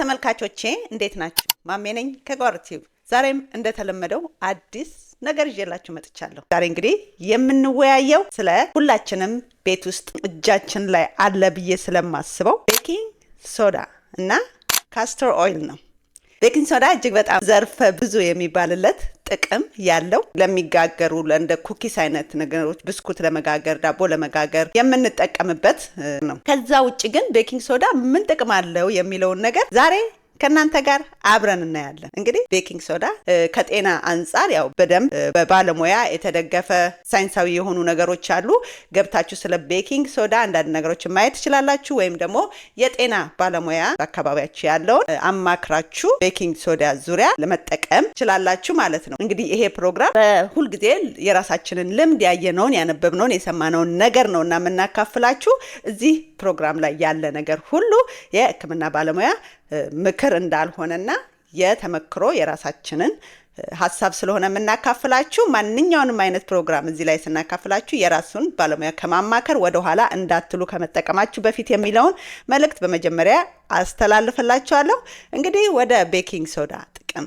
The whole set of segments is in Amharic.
ተመልካቾቼ እንዴት ናችሁ? ማሜ ነኝ ከጓር ዛሬም እንደተለመደው አዲስ ነገር ይዤላችሁ መጥቻለሁ። ዛሬ እንግዲህ የምንወያየው ስለ ሁላችንም ቤት ውስጥ እጃችን ላይ አለ ብዬ ስለማስበው ቤኪንግ ሶዳ እና ካስተር ኦይል ነው። ቤኪንግ ሶዳ እጅግ በጣም ዘርፈ ብዙ የሚባልለት ጥቅም ያለው ለሚጋገሩ እንደ ኩኪስ አይነት ነገሮች፣ ብስኩት ለመጋገር ዳቦ ለመጋገር የምንጠቀምበት ነው። ከዛ ውጭ ግን ቤኪንግ ሶዳ ምን ጥቅም አለው የሚለውን ነገር ዛሬ ከእናንተ ጋር አብረን እናያለን። እንግዲህ ቤኪንግ ሶዳ ከጤና አንጻር ያው በደንብ በባለሙያ የተደገፈ ሳይንሳዊ የሆኑ ነገሮች አሉ። ገብታችሁ ስለ ቤኪንግ ሶዳ አንዳንድ ነገሮችን ማየት ትችላላችሁ። ወይም ደግሞ የጤና ባለሙያ በአካባቢያችሁ ያለውን አማክራችሁ ቤኪንግ ሶዳ ዙሪያ ለመጠቀም ትችላላችሁ ማለት ነው። እንግዲህ ይሄ ፕሮግራም ጊዜ የራሳችንን ልምድ ያየነውን፣ ያነበብነውን፣ የሰማነውን ነገር ነው እና የምናካፍላችሁ እዚህ ፕሮግራም ላይ ያለ ነገር ሁሉ የህክምና ባለሙያ ምክር እንዳልሆነና የተመክሮ የራሳችንን ሀሳብ ስለሆነ የምናካፍላችሁ ማንኛውንም አይነት ፕሮግራም እዚህ ላይ ስናካፍላችሁ የራሱን ባለሙያ ከማማከር ወደኋላ እንዳትሉ ከመጠቀማችሁ በፊት የሚለውን መልእክት በመጀመሪያ አስተላልፍላችኋለሁ። እንግዲህ ወደ ቤኪንግ ሶዳ ጥቅም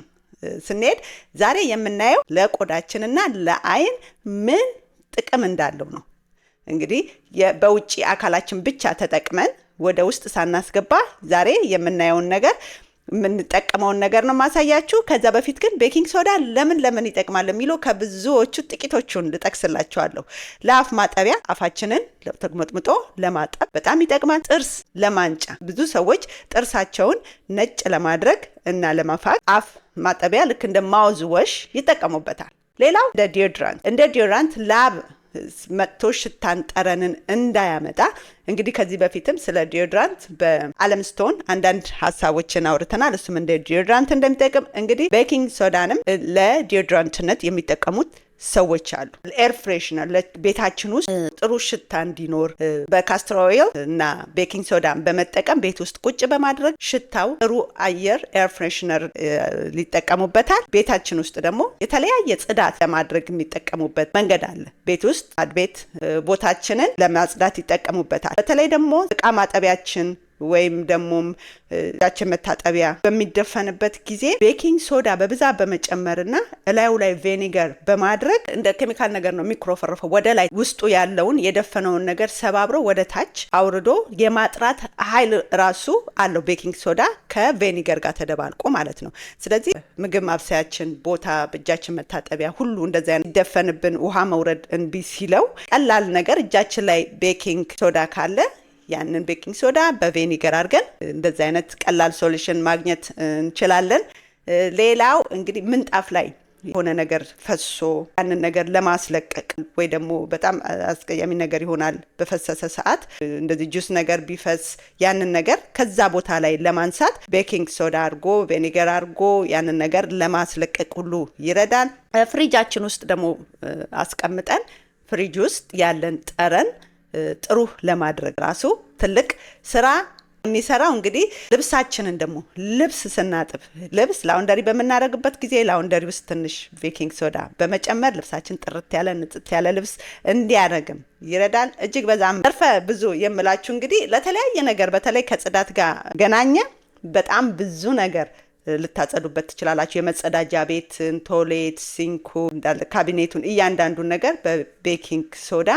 ስንሄድ ዛሬ የምናየው ለቆዳችንና ለአይን ምን ጥቅም እንዳለው ነው። እንግዲህ በውጭ አካላችን ብቻ ተጠቅመን ወደ ውስጥ ሳናስገባ ዛሬ የምናየውን ነገር የምንጠቀመውን ነገር ነው ማሳያችሁ። ከዛ በፊት ግን ቤኪንግ ሶዳ ለምን ለምን ይጠቅማል የሚለው ከብዙዎቹ ጥቂቶቹን ልጠቅስላችኋለሁ። ለአፍ ማጠቢያ አፋችንን ተግመጥምጦ ለማጠብ በጣም ይጠቅማል። ጥርስ ለማንጫ ብዙ ሰዎች ጥርሳቸውን ነጭ ለማድረግ እና ለመፋቅ አፍ ማጠቢያ ልክ እንደ ማውዝ ወሽ ይጠቀሙበታል። ሌላው እንደ ዲዮድራንት እንደ ዲዮድራንት ላብ መጥቶ ሽታን ጠረንን እንዳያመጣ እንግዲህ ከዚህ በፊትም ስለ ዲዮድራንት በአለም ስቶን አንዳንድ ሀሳቦችን አውርተናል። እሱም እንደ ዲዮድራንት እንደሚጠቅም እንግዲህ ቤኪንግ ሶዳንም ለዲዮድራንትነት የሚጠቀሙት ሰዎች አሉ። ኤር ፍሬሽነር ቤታችን ውስጥ ጥሩ ሽታ እንዲኖር በካስትሮ ኦይል እና ቤኪንግ ሶዳን በመጠቀም ቤት ውስጥ ቁጭ በማድረግ ሽታው ጥሩ አየር ኤር ፍሬሽነር ሊጠቀሙበታል። ቤታችን ውስጥ ደግሞ የተለያየ ጽዳት ለማድረግ የሚጠቀሙበት መንገድ አለ። ቤት ውስጥ አድቤት ቦታችንን ለማጽዳት ይጠቀሙበታል። በተለይ ደግሞ እቃ ማጠቢያችን ወይም ደግሞ እጃችን መታጠቢያ በሚደፈንበት ጊዜ ቤኪንግ ሶዳ በብዛት በመጨመርና እላዩ ላይ ቬኒገር በማድረግ እንደ ኬሚካል ነገር ነው የሚኮረፈረፈው። ወደ ላይ ውስጡ ያለውን የደፈነውን ነገር ሰባብሮ ወደ ታች አውርዶ የማጥራት ኃይል ራሱ አለው ቤኪንግ ሶዳ ከቬኒገር ጋር ተደባልቆ ማለት ነው። ስለዚህ ምግብ ማብሰያችን ቦታ፣ እጃችን መታጠቢያ ሁሉ እንደዚ ይደፈንብን ውሃ መውረድ እንቢ ሲለው ቀላል ነገር እጃችን ላይ ቤኪንግ ሶዳ ካለ ያንን ቤኪንግ ሶዳ በቬኒገር አድርገን እንደዚህ አይነት ቀላል ሶሉሽን ማግኘት እንችላለን። ሌላው እንግዲህ ምንጣፍ ላይ የሆነ ነገር ፈሶ ያንን ነገር ለማስለቀቅ ወይ ደግሞ በጣም አስቀያሚ ነገር ይሆናል በፈሰሰ ሰዓት እንደዚህ ጁስ ነገር ቢፈስ ያንን ነገር ከዛ ቦታ ላይ ለማንሳት ቤኪንግ ሶዳ አድርጎ ቬኒገር አድርጎ ያንን ነገር ለማስለቀቅ ሁሉ ይረዳል። ፍሪጃችን ውስጥ ደግሞ አስቀምጠን ፍሪጅ ውስጥ ያለን ጠረን ጥሩ ለማድረግ ራሱ ትልቅ ስራ የሚሰራው እንግዲህ ልብሳችንን ደግሞ ልብስ ስናጥብ ልብስ ላውንደሪ በምናደርግበት ጊዜ ላውንደሪ ውስጥ ትንሽ ቤኪንግ ሶዳ በመጨመር ልብሳችን ጥርት ያለ ንጥት ያለ ልብስ እንዲያደርግም ይረዳል። እጅግ በዛም ዘርፈ ብዙ የምላችሁ እንግዲህ ለተለያየ ነገር በተለይ ከጽዳት ጋር ገናኘ በጣም ብዙ ነገር ልታጸዱበት ትችላላችሁ። የመጸዳጃ ቤትን፣ ቶሌት፣ ሲንኩ፣ ካቢኔቱን እያንዳንዱን ነገር በቤኪንግ ሶዳ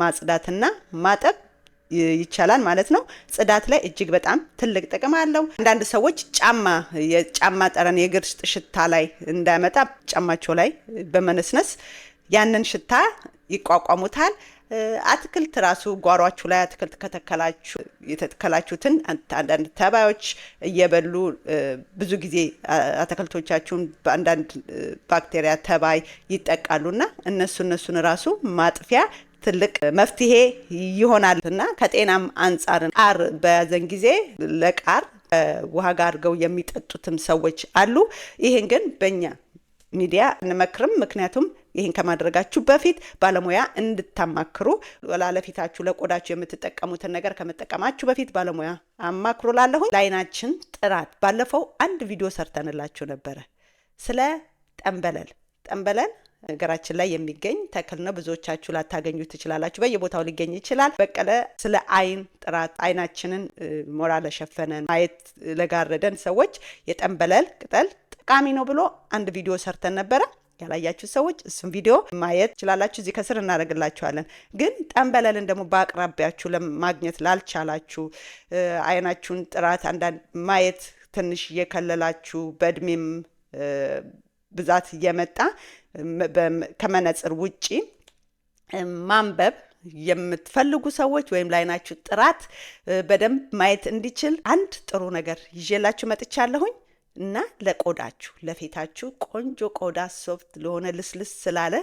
ማጽዳትና ማጠብ ይቻላል ማለት ነው። ጽዳት ላይ እጅግ በጣም ትልቅ ጥቅም አለው። አንዳንድ ሰዎች ጫማ የጫማ ጠረን የእግር ሽታ ላይ እንዳያመጣ ጫማቸው ላይ በመነስነስ ያንን ሽታ ይቋቋሙታል። አትክልት ራሱ ጓሯችሁ ላይ አትክልት ከተከላችሁ የተከላችሁትን አንዳንድ ተባዮች እየበሉ ብዙ ጊዜ አትክልቶቻችሁን በአንዳንድ ባክቴሪያ ተባይ ይጠቃሉና እነሱ እነሱን ራሱ ማጥፊያ ትልቅ መፍትሄ ይሆናል እና ከጤናም አንጻር ቃር በያዘን ጊዜ ለቃር ውሃ ጋር አድርገው የሚጠጡትም ሰዎች አሉ። ይህን ግን በእኛ ሚዲያ እንመክርም። ምክንያቱም ይህን ከማድረጋችሁ በፊት ባለሙያ እንድታማክሩ ላለፊታችሁ፣ ለቆዳችሁ የምትጠቀሙትን ነገር ከመጠቀማችሁ በፊት ባለሙያ አማክሩ። ላለሁኝ ለአይናችን ጥራት ባለፈው አንድ ቪዲዮ ሰርተንላችሁ ነበረ ስለ ጠንበለል ጠንበለል ሀገራችን ላይ የሚገኝ ተክል ነው። ብዙዎቻችሁ ላታገኙ ትችላላችሁ። በየቦታው ሊገኝ ይችላል። በቀለ ስለ አይን ጥራት አይናችንን ሞራ ለሸፈነን ማየት ለጋረደን ሰዎች የጠንበለል ቅጠል ጠቃሚ ነው ብሎ አንድ ቪዲዮ ሰርተን ነበረ። ያላያችሁ ሰዎች እሱም ቪዲዮ ማየት ይችላላችሁ። እዚህ ከስር እናደርግላችኋለን። ግን ጠንበለልን ደግሞ በአቅራቢያችሁ ለማግኘት ላልቻላችሁ አይናችሁን ጥራት አንዳንድ ማየት ትንሽ እየከለላችሁ በእድሜም ብዛት እየመጣ ከመነጽር ውጪ ማንበብ የምትፈልጉ ሰዎች ወይም ላይናችሁ ጥራት በደንብ ማየት እንዲችል አንድ ጥሩ ነገር ይዤላችሁ መጥቻለሁኝ እና ለቆዳችሁ ለፊታችሁ ቆንጆ ቆዳ ሶፍት ለሆነ ልስልስ ስላለ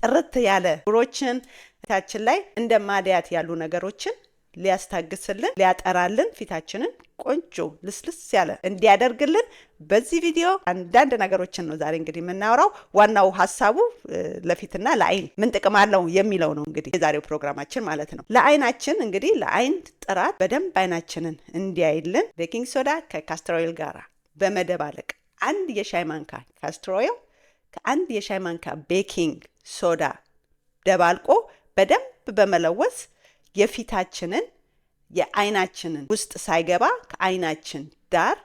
ጥርት ያለ ብሮችን ፊታችን ላይ እንደ ማዲያት ያሉ ነገሮችን ሊያስታግስልን ሊያጠራልን ፊታችንን ቆንጆ ልስልስ ያለ እንዲያደርግልን በዚህ ቪዲዮ አንዳንድ ነገሮችን ነው ዛሬ እንግዲህ የምናወራው። ዋናው ሀሳቡ ለፊትና ለአይን ምን ጥቅም አለው የሚለው ነው እንግዲህ የዛሬው ፕሮግራማችን ማለት ነው። ለአይናችን እንግዲህ ለአይን ጥራት በደንብ አይናችንን እንዲያይልን ቤኪንግ ሶዳ ከካስትሮይል ጋራ በመደባለቅ አንድ የሻይ ማንካ ካስትሮይል ከአንድ የሻይ ማንካ ቤኪንግ ሶዳ ደባልቆ በደንብ በመለወስ የፊታችንን የአይናችንን ውስጥ ሳይገባ ከአይናችን ዳር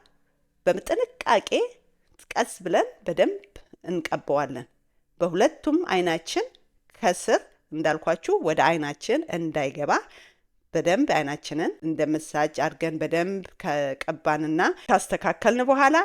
በጥንቃቄ ቀስ ብለን በደንብ እንቀበዋለን። በሁለቱም አይናችን ከስር እንዳልኳችሁ ወደ አይናችን እንዳይገባ በደንብ አይናችንን እንደ መሳጅ አድርገን በደንብ ከቀባንና ካስተካከልን በኋላ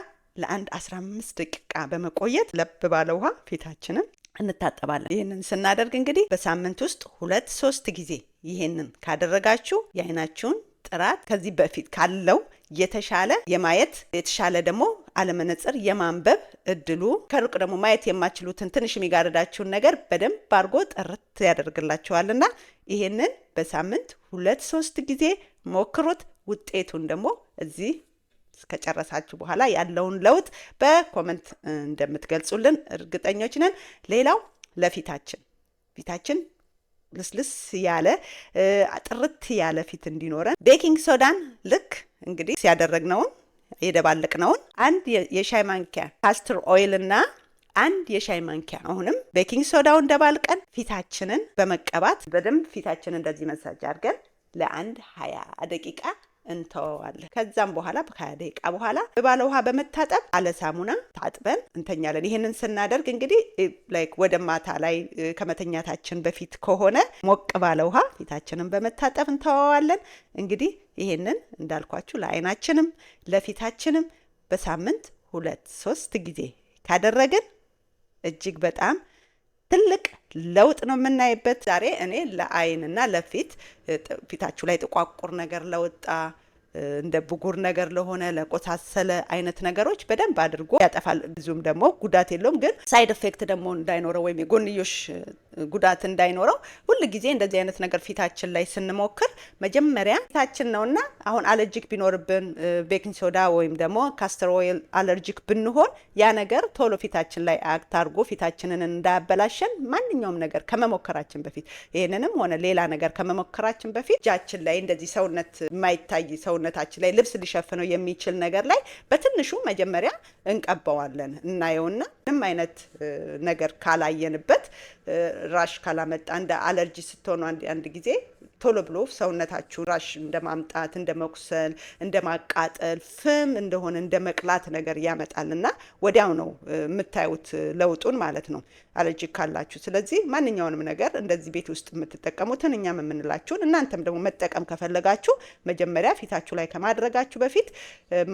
ለአንድ 15 ደቂቃ በመቆየት ለብ ባለ ውሃ ፊታችንን እንታጠባለን። ይህንን ስናደርግ እንግዲህ በሳምንት ውስጥ ሁለት ሶስት ጊዜ ይሄንን ካደረጋችሁ የአይናችሁን ጥራት ከዚህ በፊት ካለው የተሻለ የማየት የተሻለ ደግሞ አለመነጽር የማንበብ እድሉ ከሩቅ ደግሞ ማየት የማችሉትን ትንሽ የሚጋርዳችሁን ነገር በደንብ አድርጎ ጥርት ያደርግላችኋልና ይሄንን በሳምንት ሁለት ሶስት ጊዜ ሞክሩት። ውጤቱን ደግሞ እዚህ ከጨረሳችሁ በኋላ ያለውን ለውጥ በኮመንት እንደምትገልጹልን እርግጠኞች ነን። ሌላው ለፊታችን ፊታችን ልስልስ ያለ ጥርት ያለ ፊት እንዲኖረን ቤኪንግ ሶዳን ልክ እንግዲህ ያደረግነውን የደባለቅነውን አንድ የሻይ ማንኪያ ካስትር ኦይል እና አንድ የሻይ ማንኪያ አሁንም ቤኪንግ ሶዳውን ደባልቀን ፊታችንን በመቀባት በደንብ ፊታችንን እንደዚህ መሳጅ አድርገን ለአንድ ሀያ ደቂቃ እንተወዋለን። ከዛም በኋላ ከሀያ ደቂቃ በኋላ በባለ ውሃ በመታጠብ አለ ሳሙና ታጥበን እንተኛለን። ይህንን ስናደርግ እንግዲህ ላይክ ወደ ማታ ላይ ከመተኛታችን በፊት ከሆነ ሞቅ ባለ ውሃ ፊታችንን በመታጠብ እንተዋዋለን። እንግዲህ ይህንን እንዳልኳችሁ ለአይናችንም ለፊታችንም በሳምንት ሁለት ሶስት ጊዜ ካደረግን እጅግ በጣም ትልቅ ለውጥ ነው የምናይበት። ዛሬ እኔ ለአይንና ለፊት ፊታችሁ ላይ ጥቋቁር ነገር ለወጣ እንደ ብጉር ነገር ለሆነ ለቆሳሰለ አይነት ነገሮች በደንብ አድርጎ ያጠፋል። ብዙም ደግሞ ጉዳት የለውም፣ ግን ሳይድ ኤፌክት ደግሞ እንዳይኖረው ወይም የጎንዮሽ ጉዳት እንዳይኖረው ሁል ጊዜ እንደዚህ አይነት ነገር ፊታችን ላይ ስንሞክር መጀመሪያ ፊታችን ነውና፣ አሁን አለርጂክ ቢኖርብን ቤኪንግ ሶዳ ወይም ደግሞ ካስተር ኦይል አለርጂክ ብንሆን ያ ነገር ቶሎ ፊታችን ላይ አክት አድርጎ ፊታችንን እንዳያበላሸን ማንኛውም ነገር ከመሞከራችን በፊት ይህንንም ሆነ ሌላ ነገር ከመሞከራችን በፊት እጃችን ላይ እንደዚህ ሰውነት የማይታይ ሰውነታችን ላይ ልብስ ሊሸፍነው የሚችል ነገር ላይ በትንሹ መጀመሪያ እንቀባዋለን እናየውና ምንም አይነት ነገር ካላየንበት ራሽ ካላመጣ እንደ አለርጂ ስትሆኑ አንድ ጊዜ ቶሎ ብሎ ሰውነታችሁ ራሽ እንደ ማምጣት እንደ መቁሰል እንደ ማቃጠል ፍም እንደሆነ እንደ መቅላት ነገር ያመጣልና ወዲያው ነው የምታዩት ለውጡን ማለት ነው አለርጂ ካላችሁ። ስለዚህ ማንኛውንም ነገር እንደዚህ ቤት ውስጥ የምትጠቀሙትን እኛም የምንላችሁን እናንተም ደግሞ መጠቀም ከፈለጋችሁ መጀመሪያ ፊታችሁ ላይ ከማድረጋችሁ በፊት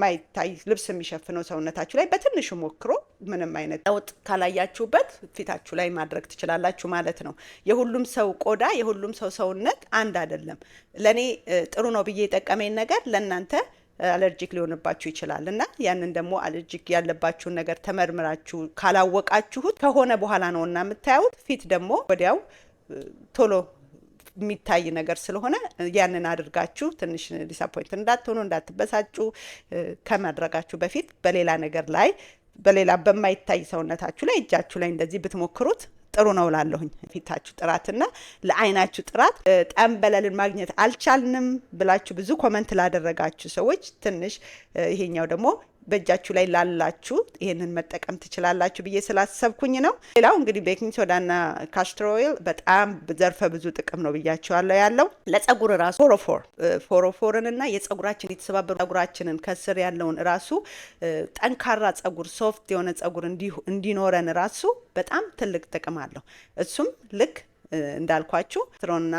ማይታይ ልብስ የሚሸፍነው ሰውነታችሁ ላይ በትንሹ ሞክሮ ምንም አይነት ለውጥ ካላያችሁበት ፊታችሁ ላይ ማድረግ ትችላላችሁ ማለት ነው። የሁሉም ሰው ቆዳ የሁሉም ሰው ሰውነት አንድ አይደለም። ለእኔ ጥሩ ነው ብዬ የጠቀመኝ ነገር ለእናንተ አለርጂክ ሊሆንባችሁ ይችላል እና ያንን ደግሞ አለርጂክ ያለባችሁን ነገር ተመርምራችሁ ካላወቃችሁት ከሆነ በኋላ ነው እና የምታዩት ፊት ደግሞ ወዲያው ቶሎ የሚታይ ነገር ስለሆነ ያንን አድርጋችሁ ትንሽ ዲሳፖይንት እንዳትሆኑ እንዳትበሳጩ ከማድረጋችሁ በፊት በሌላ ነገር ላይ በሌላ በማይታይ ሰውነታችሁ ላይ እጃችሁ ላይ እንደዚህ ብትሞክሩት ጥሩ ነው ላለሁኝ። ፊታችሁ ጥራትና ለአይናችሁ ጥራት ጠንበለልን ማግኘት አልቻልንም ብላችሁ ብዙ ኮመንት ላደረጋችሁ ሰዎች ትንሽ ይሄኛው ደግሞ በእጃችሁ ላይ ላላችሁ ይህንን መጠቀም ትችላላችሁ ብዬ ስላሰብኩኝ ነው። ሌላው እንግዲህ ቤኪንግ ሶዳና ካስትር ኦይል በጣም ዘርፈ ብዙ ጥቅም ነው ብያችኋለሁ። ያለው ለጸጉር ራሱ ፎሮፎር ፎሮፎርን እና የጸጉራችን የተሰባበሩ ጸጉራችንን ከስር ያለውን ራሱ ጠንካራ ጸጉር ሶፍት የሆነ ጸጉር እንዲኖረን ራሱ በጣም ትልቅ ጥቅም አለው። እሱም ልክ እንዳልኳችሁ ትሮና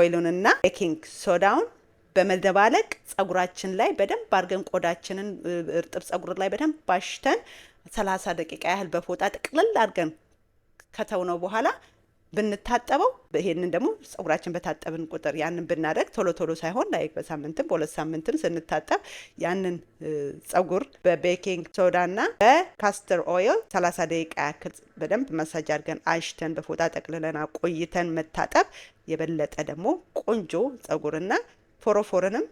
ኦይሉንና ቤኪንግ ሶዳውን በመደባለቅ ጸጉራችን ላይ በደንብ አድርገን ቆዳችንን እርጥብ ጸጉር ላይ በደንብ ባሽተን ሰላሳ ደቂቃ ያህል በፎጣ ጥቅልል አድርገን ከተውነው በኋላ ብንታጠበው ይሄንን ደግሞ ጸጉራችን በታጠብን ቁጥር ያንን ብናደርግ ቶሎ ቶሎ ሳይሆን ላይ በሳምንትም በሁለት ሳምንትም ስንታጠብ ያንን ጸጉር በቤኪንግ ሶዳና በካስተር ኦይል 30 ደቂቃ ያክል በደንብ መሳጅ አድርገን አሽተን በፎጣ ጠቅልለና ቆይተን መታጠብ የበለጠ ደግሞ ቆንጆ ጸጉርና ፎሮፎርንም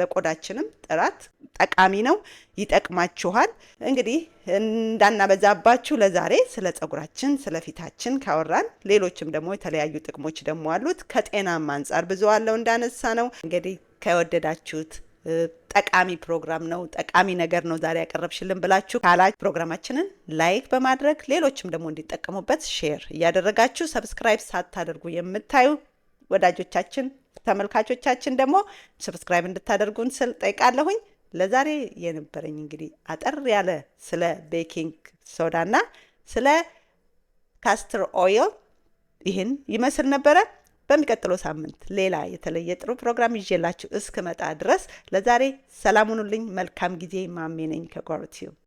ለቆዳችንም ጥራት ጠቃሚ ነው፣ ይጠቅማችኋል። እንግዲህ እንዳናበዛባችሁ ለዛሬ ስለ ጸጉራችን ስለ ፊታችን ካወራን ሌሎችም ደግሞ የተለያዩ ጥቅሞች ደግሞ አሉት። ከጤናም አንጻር ብዙ አለው እንዳነሳ ነው። እንግዲህ ከወደዳችሁት ጠቃሚ ፕሮግራም ነው፣ ጠቃሚ ነገር ነው ዛሬ ያቀረብሽልን ብላችሁ ካላ ፕሮግራማችንን ላይክ በማድረግ ሌሎችም ደግሞ እንዲጠቀሙበት ሼር እያደረጋችሁ ሰብስክራይብ ሳታደርጉ የምታዩ ወዳጆቻችን ተመልካቾቻችን ደግሞ ሰብስክራይብ እንድታደርጉን ስል ጠይቃለሁኝ። ለዛሬ የነበረኝ እንግዲህ አጠር ያለ ስለ ቤኪንግ ሶዳና ስለ ካስትር ኦይል ይህን ይመስል ነበረ። በሚቀጥለው ሳምንት ሌላ የተለየ ጥሩ ፕሮግራም ይዤላችሁ እስክመጣ ድረስ ለዛሬ ሰላም ሁኑልኝ። መልካም ጊዜ። ማሜ ነኝ